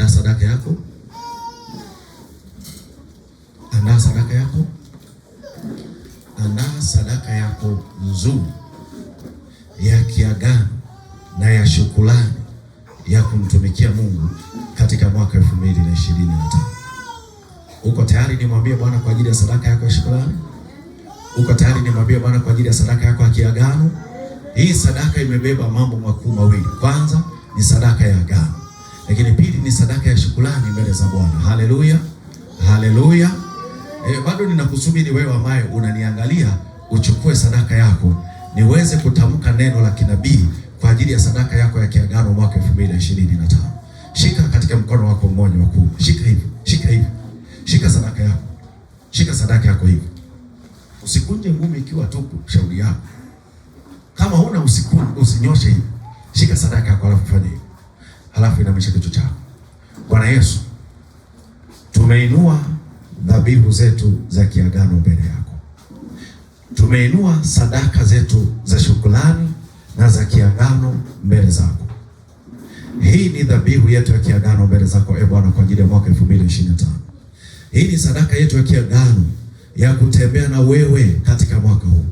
Andaa sadaka yako, andaa sadaka yako, andaa sadaka yako nzuri ya kiagano na ya shukrani ya kumtumikia Mungu katika mwaka 2025. Uko tayari nimwambie Bwana kwa ajili ya sadaka yako ya shukrani? Uko tayari nimwambie Bwana kwa ajili ya sadaka yako ya kiagano? Hii sadaka imebeba mambo makuu mawili. Kwanza ni sadaka ya agano lakini pili ni sadaka ya shukrani mbele za Bwana. Haleluya, haleluya. E, bado ninakusubiri wewe ambaye unaniangalia uchukue sadaka yako niweze kutamka neno la kinabii kwa ajili ya sadaka yako ya kiagano mwaka 2025. Shika katika mkono wako mmoja wa kuume. Shika hivi, shika hivi. Shika sadaka yako. Shika sadaka yako hivi. Usikunje ngumi ikiwa tupu, shauri yako. Kama huna usikunje, usinyoshe hivi. Shika sadaka yako alafu fanya hivi halafu inamisha kichwa chako. Bwana Yesu, tumeinua dhabihu zetu za kiagano mbele yako, tumeinua sadaka zetu za shukrani na za kiagano mbele zako. Hii ni dhabihu yetu ya kiagano mbele zako, e Bwana, kwa ajili ya mwaka 2025. Hii ni sadaka yetu ya kiagano ya kutembea na wewe katika mwaka huu.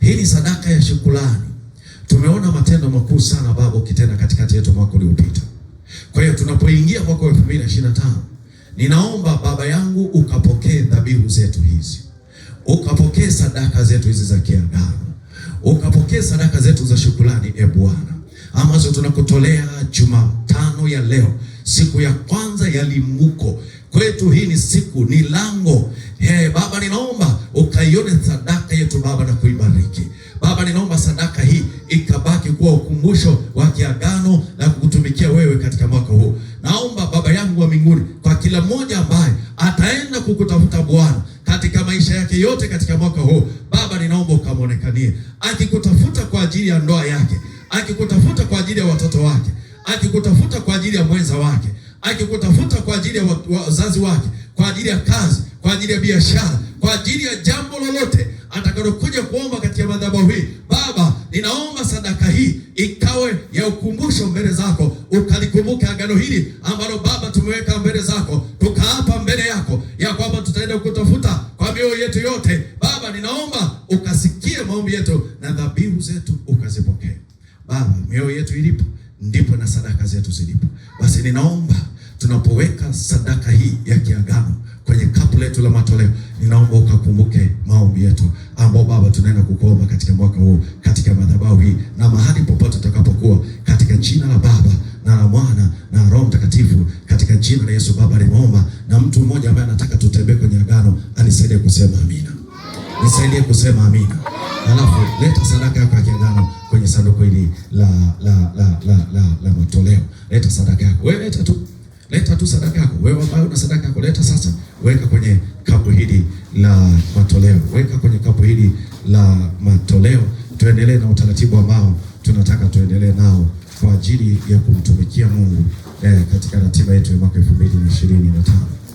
Hii ni sadaka ya shukrani. Tumeona matendo makuu sana Baba ukitenda katikati yetu mwaka uliopita. Kwa hiyo tunapoingia mwaka wa 2025 ninaomba Baba yangu ukapokee dhabihu zetu hizi, ukapokee sadaka zetu hizi za kiagano, ukapokee sadaka zetu za shukrani, e Bwana, ambazo tunakutolea Jumatano ya leo, siku ya kwanza ya limbuko kwetu. Hii ni siku, ni lango. Hey, Baba ninaomba ukaione sadaka yetu Baba na kuibariki Baba, ninaomba sadaka hii ikabaki kuwa ukumbusho wa naomba Baba yangu wa mbinguni, kwa kila mmoja ambaye ataenda kukutafuta Bwana katika maisha yake yote katika mwaka huu, Baba ninaomba ukamwonekanie, akikutafuta kwa ajili ya ndoa yake, akikutafuta kwa ajili ya watoto wake, akikutafuta kwa ajili ya mwenza wake, akikutafuta kwa ajili ya wazazi wake, kwa ajili ya kazi, kwa ajili ya biashara, kwa ajili ya jambo lolote atakalokuja kuomba katika madhabahu hii, Baba ninaomba mawe ya ukumbusho mbele zako, ukalikumbuke agano hili ambalo Baba tumeweka mbele zako, tukaapa mbele yako ya kwamba tutaenda kutafuta kwa mioyo yetu yote. Baba, ninaomba ukasikie maombi yetu na dhabihu zetu ukazipokee Baba. Mioyo yetu ilipo ndipo na sadaka zetu zilipo. Basi ninaomba tunapoweka sadaka hii ya kiagano kwenye kapu letu la matoleo ninaomba ukakumbuke maombi yetu ambao Baba tunaenda kukuomba katika mwaka huu katika madhabahu hii na mahali popote tutakapokuwa, katika jina la Baba na la Mwana na Roho Mtakatifu, katika jina la Yesu. Baba limeomba na mtu mmoja ambaye anataka tutembee kwenye agano anisaidie kusema amina, nisaidie kusema amina. Alafu leta sadaka yako ya kiagano kwenye sanduku hili la la la la la, la matoleo. Leta sadaka yako wewe, leta tu Leta tu sadaka yako wewe, ambaye una sadaka yako leta sasa, weka kwenye kapu hili la matoleo, weka kwenye kapu hili la matoleo. Tuendelee na utaratibu ambao tunataka tuendelee nao kwa ajili ya kumtumikia Mungu eh, katika ratiba yetu ya mwaka 2025.